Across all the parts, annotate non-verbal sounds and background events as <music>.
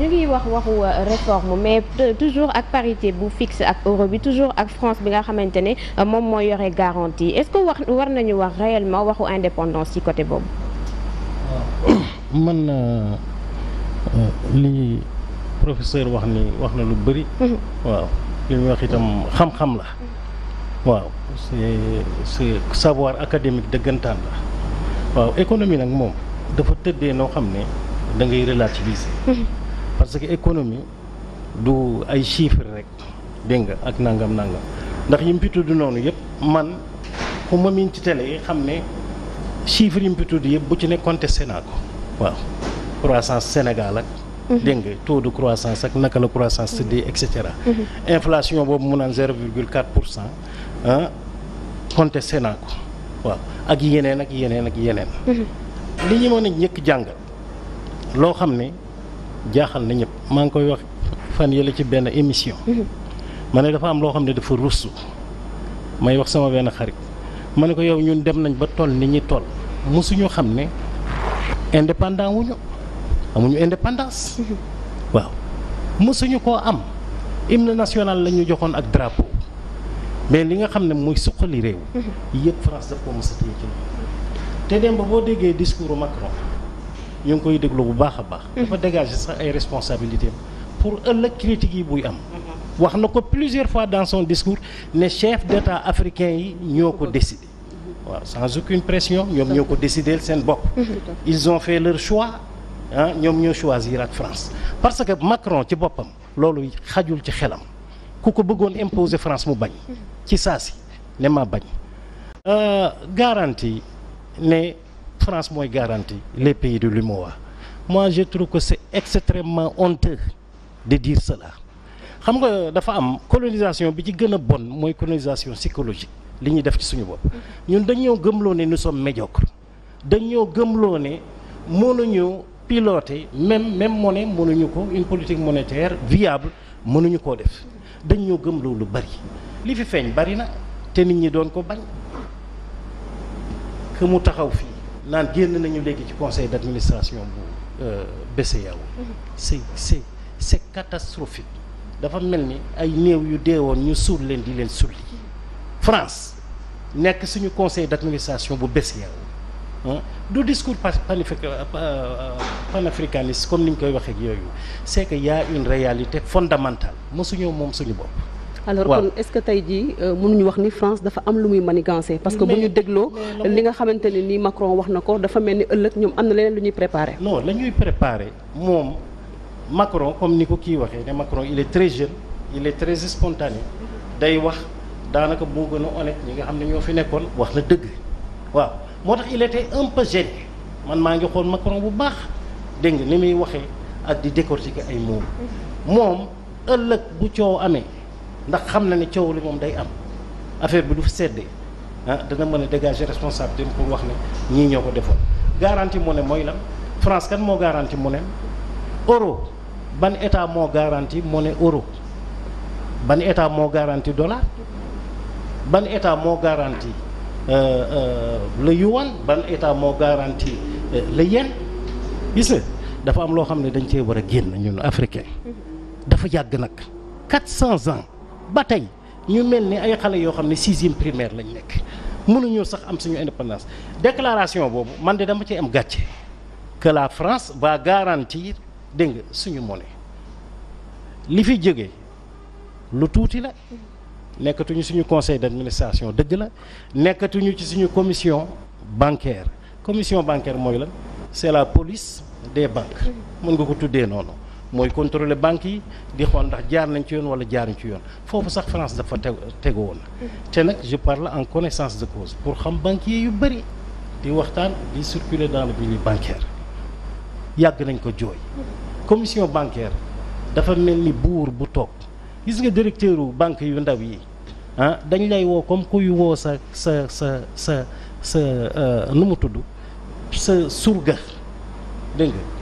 ñu ngi wax waxu euh, réforme mais euh, toujours ak parité bu fixe ak euro bi toujours ak France bi nga xamante ne euh, moom mooy yore garantie est-ce que wax war nañu wax réellement waxu indépendance ci côté boobu. <coughs> man li professeur wax ni wax na lu bëri. Mhm. waaw li ñu wax itam xam-xam la. waaw c'est c'est savoir académique dëggantaan la waaw économie nag moom dafa tëddee noo xam ne da ngay relativiser. Mhm. parce que économie du ay chiffres rek dégg nga ak nangam nangam ndax yi mu fi noonu yëpp man ku ma miin ci télé yi xam ne chiffres yi mu fi tudd yëpp bu ci ne contesté naa ko waaw croissance Sénégal ak. Mhm. dégg nga taux de croissance ak naka la croissance mhm. tëddee et cetera. Mhm. inflation boobu mu naan zéro virgule quatre pour cent ah contesté ko waaw ak yeneen ak yeneen ak yeneen. li ñu mën a njëkk jàngal loo xam ne. jaaxal na ñëpp maa ngi koy wax fan yële ci benn émission. Mhm. ma ne dafa am loo xam ne dafa rusu may wax sama benn xarit ma ne ko yow ñun dem nañ ba toll ni ñuy toll mosuñu xam ne indépendant wuñu amuñu indépendance. Mhm. waaw mosuñu ko am hymne national la ñu joxoon ak drapo mais li nga xam ne muy suqali réew. Mhm. yëpp France daf ko mos te dem ba boo déggee discours Macron. ñu ngi koy déglu bu baax a baax. Mhm. dafa dégager sax ay responsabilités pour ëllëg critique yi buy am. Mhm. wax na ko plusieurs fois dans son discours les chefs d'État africains yi ñoo ko décidé. sans aucune pression ñoom ñoo ko décider seen bopp. Mhm. ils ont fait leur choix ah ñoom ñoo choisir ak France parce que Macron ci boppam loolu xajul ci xelam ku ko bëggoon imposer France mu bañ. ci saa si ne ma bañ. Euh, garanti ne. France mooy garantie les pays de l'UMOA moi je trouve que c'est extrêmement honteux de dire cela xam nga dafa am colonisation bi ci bonne, a bon colonisation psychologique li ñuy def ci suñu bopp ñun dañoo gëmloo nous sommes médiocres dañoo gëmloo ne mënuñu piloter même même monnaie mënuñu ko une politique monétaire viable mënuñu koo def dañoo gëmloo lu bari li fi feeñ bari na te nit ñi doon ko bañ que mu taxaw fii naan génn nañu léegi ci conseil d' administration bu euh, BCEAO c' est c' est catastrophique dafa mel ni ay néew yu deewoon ñu suul leen di leen sulli France nekk suñu conseil d' administration bu BCEAO hein? du discours euh, panafricaniste comme ni ñu koy waxee ak yooyu c' est que y' a une réalité fondamentale mosuñoo moom suñu bopp alors est ce que tu as dit que ni France dafa am lu parce que sommes en li Macron en France, nous dafa en France, nous sommes préparé non la préparé Macron comme nico qui sommes Macron il est très jeune il est très spontané day wax France, nous honnête ñi nga en France, nous wax nous il était un peu sommes man France, nous sommes Macron bu nous sommes ni nous sommes ak di nous ay nous ndax xam na ni coow li moom day am affaire bi du seddee ah dana mën a dégager responsabilité pour wax ne ñii ñoo ko defoon. garanti garantie monnaie mooy lan France kan moo garantie monnaie euro ban état moo garantie monnaie euro ban état moo garanti dollar ban état moo garantie euh, euh, le yuan ban état moo garantie euh, le yen gis dafa am loo xam ne dañ cee war a génn ñun africain mm-hmm. dafa yàgg nag 400 ans. ba tey ñu melni ay xalé yo xamné 6e primaire lañ nekk mënuñoo sax am suñu indépendance déclaration bobu man de dama ci am gatché que la France va garantir dégg suñu monnaie li fi jëgé lu touti la nekatuñu suñu conseil d'administration deug la nekatuñu ci suñu commission bancaire commission bancaire moy lan c'est la police des banques mën nga ko tuddee noonu moy contrôler banques yi di xol ndax jaar nañ ci yoon wala jaaruñ ci yoon fofu sax France dafa teg tegu woon te je parle en connaissance de cause pour xam banquier yu bari di waxtaan di circuler dans le milieu bancaire yag nañ ko joy commission bancaire dafa mel ni buur bu tok gis nga directeur banque yu ndaw yi ah dañ lay wo comme kuy wo sa sa sa sa sa euh, numu mu tudd sa surga deng nga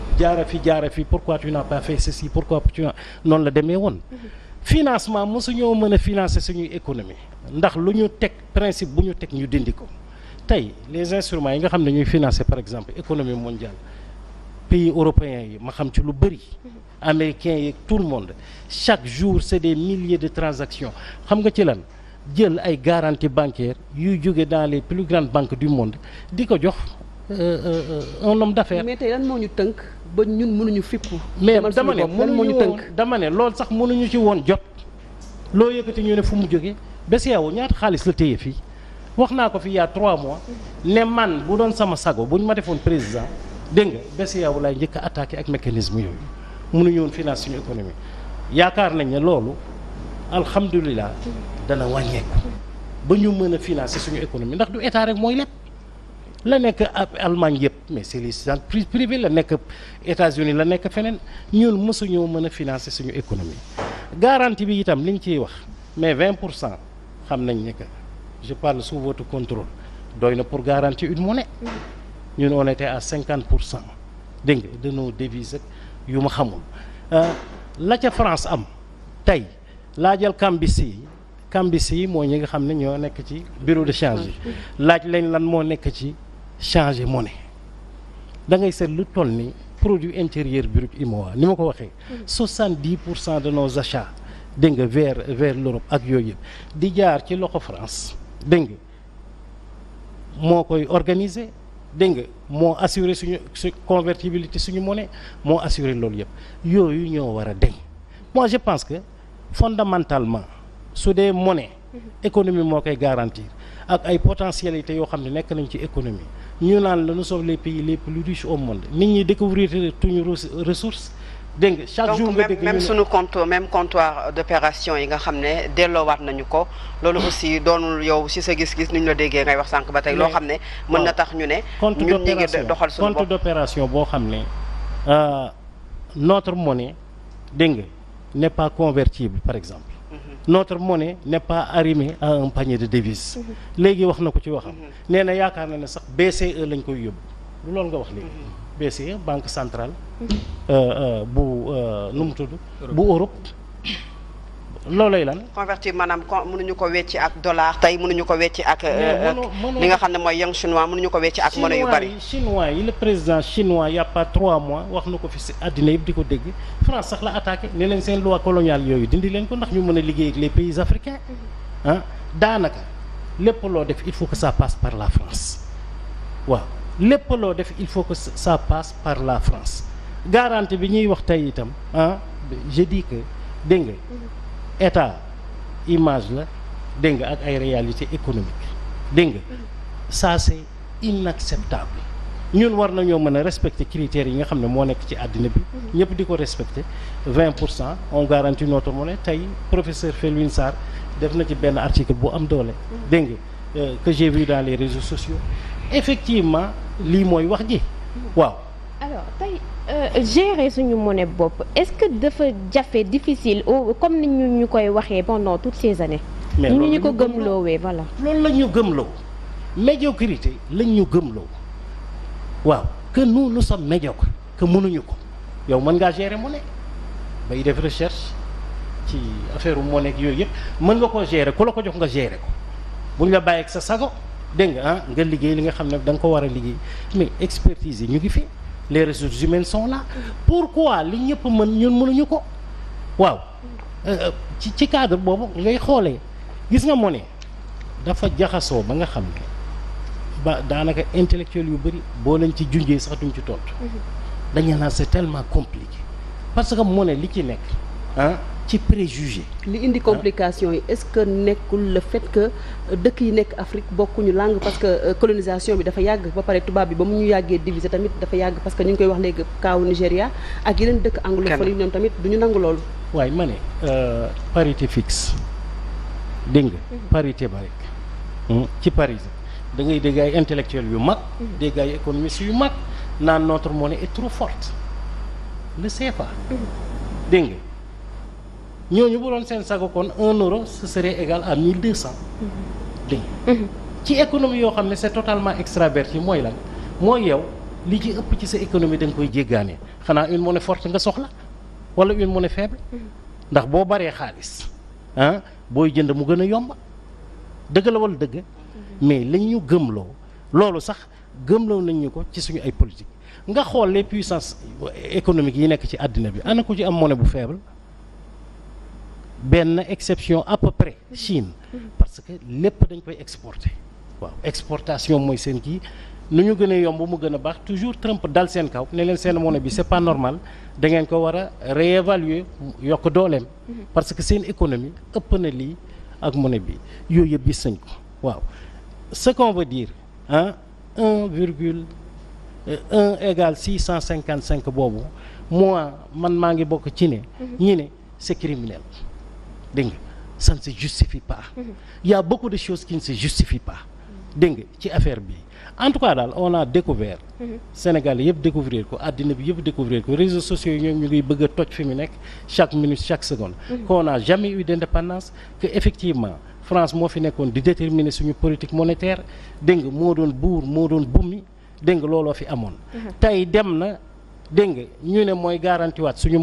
fi pourquoi tu n'as pas fait ceci pourquoi tu non la demee woon financement nous mën a financer suñu économie ndax lu ñu principe bu ñu teg ñu dindi ko les instruments yi nga xam financer par exemple économie mondiale pays européens yi ma xam ci lu américains yi tout le monde chaque jour c'est des milliers de transactions xam nga ci lan jël ay garantie bancaire yu jóge dans les plus grandes banques du monde di jox Euh, euh, un homme d'affaires. mais tey lan moo ñu tënk ba ñun mënuñu fippu. mais dama ne moo tënk dama ne lool sax mënuñu ci woon jot. loo te ñu ne fu mu jógee BCEAO ñaata xaalis la téye fii wax naa ko fi y'a trois mois ne man bu doon sama sago bu ñu ma defoon président dégg nga BCEAO laay njëkk a attaqué ak mécanisme yooyu mënuñu woon finance suñu économie yaakaar nañ ne loolu alhamdulilah dana wàññeeku ba ñu mën a financer suñu économie ndax du état rek mooy lépp. la nekk Allemagne yep mais c'est les entreprises privées la nek États-Unis la nek fenen ñun mësuñoo mën a financer suñu économie garantie bi itam liñ ciy wax mais 20 xam nañ nek je parle sous votre contrôle doyna pour garantir une monnaie ñun on était à 50 pour de nos devises ak yu ma xamul euh, la ca France am tay la jël cambisi cambisi mo ñi nga xam ñoo nek ci bureau de change yi laaj lañ lan mo nek ci changer monnaie da ngay le lu produit intérieur brut UEMOA ni ma ko 70 mm-hmm. de nos achats dégg vers vers l'Europe ak yooyu yëpp di jaar ci loxo France dégg nga moo koy organiser dégg nga assurer suñu convertibilité suñu monnaie moo assurer loolu yëpp yooyu ñoo war deñ moi je pense que fondamentalement sur des monnaies, mm-hmm. économie est garantie ak ay potentialités yoo xam ne nekk nañ ci économie ñu naan la nous sommes les pays les plus riches au monde nit ñi découvrir tuñu ressources dégg nga chaque jour nga dégg même suñu compte même comptoir d'opération yi nga xam ne delloowaat nañu ko loolu aussi doonul yow si sa gis-gis ni ñu la déggee ngay wax sànq ba tey loo xam ne mën na tax ñu ne ñun ñi ngi doxal suñu bopp compte d'opération boo xam ne euh, notre monnaie dégg nga n'est pas convertible par exemple notre monnaie n'est pas arrimée à un panier de devises. léegi wax na ko ci waxam. nee na yaakaar na ne sax BCE lañ koy yóbbu lu loolu nga wax léegi. BCE banque centrale. Mhm. Euh, euh, bu euh, nu mu tudd bu Europe. loolay lan. convertir manam con mënuñu ko wecci ak dollar tay mënuñu ko wecci ak. Euh, li nga xamné moy yang chinois mënuñu ko wecci ak. monnaie yu bari chinois yi le président chinois il y a pas 3 mois wax na fi si àddina yëpp di dégg France sax la attaqué ne leen seen loi coloniale yoyu dindi len ko ndax ñu mëna a liggéey ak les pays africains ah danaka lepp lo def il faut que ça passe par la France wa lepp lo def il faut que ça passe par la France garantie bi ñuy wax tay itam ah je dis que dégg nga état image la une ak ay réalité économique deng ça c'est inacceptable ñun war pouvons pas respecter respecter critères yi nga xamné ne nek ci adina bi ñëpp diko respecter 20% on garantit notre monnaie tay professeur Felwine Sarr def na ci ben article bu am doole euh, que j'ai vu dans les réseaux sociaux effectivement li moy wax ji waaw alors tay euh, gérer suñu monnaie est-ce que dafa fait difficile comme ni ñu fait pendant toutes ces années. ñu ko wé voilà. loolu la médiocrité lañu waaw que nous nous sommes médiocres que mënuñu ko yow mën nga la monnaie bay def recherche ci affaire monnaie yëpp mën nga gérer la jox nga gérer ko buñ la sa sago nga ah, nga liggéey li nga xamné ko liggéey mais expertise ñu ngi fi. les ressources humaines sont là pourquoi li ñëpp mën ñun mënuñu ko waaw euh, ci ci cadre boobu ngay xoolee gis nga moo ne dafa jaxasoo ba nga xam ne ba daanaka intellectuel yu bëri boo leen ci junjee sax tuñ ci tontu mhm. dañu naan c'est tellement compliqué parce que moo ne li ci nekk ah ci préjugé. li indi ah. complication est-ce que nekkul le fait que euh, dëkk yi nek Afrique bokkuñu langue parce que euh, colonisation bi dafa yàgg ba pare tubaab bi ba mu diviser tamit dafa yàgg parce que ñu ngi koy wax cas au Nigéria ak yeneen dëkk anglophone yi ñoom tamit du ñu nangu loolu. waaye ma euh, parité fixe dégg mhm. parité ba hmm? ci Paris da ngay dégg ay intellectuels yu mag. Mhm. dégg ay économistes yu mag naan notre monnaie est trop forte le CFA. pas mhm. dingue ñooñu bu doon seen sago kon un euro sa serait égal à mille deux mm-hmm. mm-hmm. ci économie yoo xam ne c'est totalement extraverti mooy lan mooy yow li ci ëpp ci sa économie da koy jéggaane xanaa une monnaie forte nga soxla wala une monnaie faible mm-hmm. ndax boo baree xaalis ah, booy jënd mu gën a yomb dëgg dëgg mais lañ ñu gëmloo loolu sax gëmloo nañ ñu ko ci suñu ay politique nga xool les puissances économiques yi nekk ci àddina bi ana ko ci am monnaie bu faible une exception à peu près Chine mm-hmm. parce que les dañ koy exporter waaw exportation mooy seen qui nu ñu gën toujours Trump dal le kaw ne leen monnaie bi c'est pas normal da ngeen ko war réévaluer mm-hmm. parce que c'est une économie ëpp na lii ak monnaie bi ce qu'on veut dire hein, un virgule euh, un égale six cent cinquante moi man maa ngi ci mm-hmm. ñi c'est criminel dégg ça ne se justifie pas. Mhm. il y a beaucoup de choses qui ne se justifient pas. dégg nga ci affaire bi en tout cas on a découvert mhm. Sénégal yëpp découvrir ko àddina bi yëpp découvrir ko réseaux sociaux yi ñoom bëgg a toj fi chaque minute chaque seconde mhm. qu'on n'a jamais eu d'indépendance que effectivement France moo fi nekkoon di déterminer suñu politique monétaire dégg nga moo doon buur moo doon bumi dégg nga looloo fi amoon tey dem na dégg nga ñu ne suñu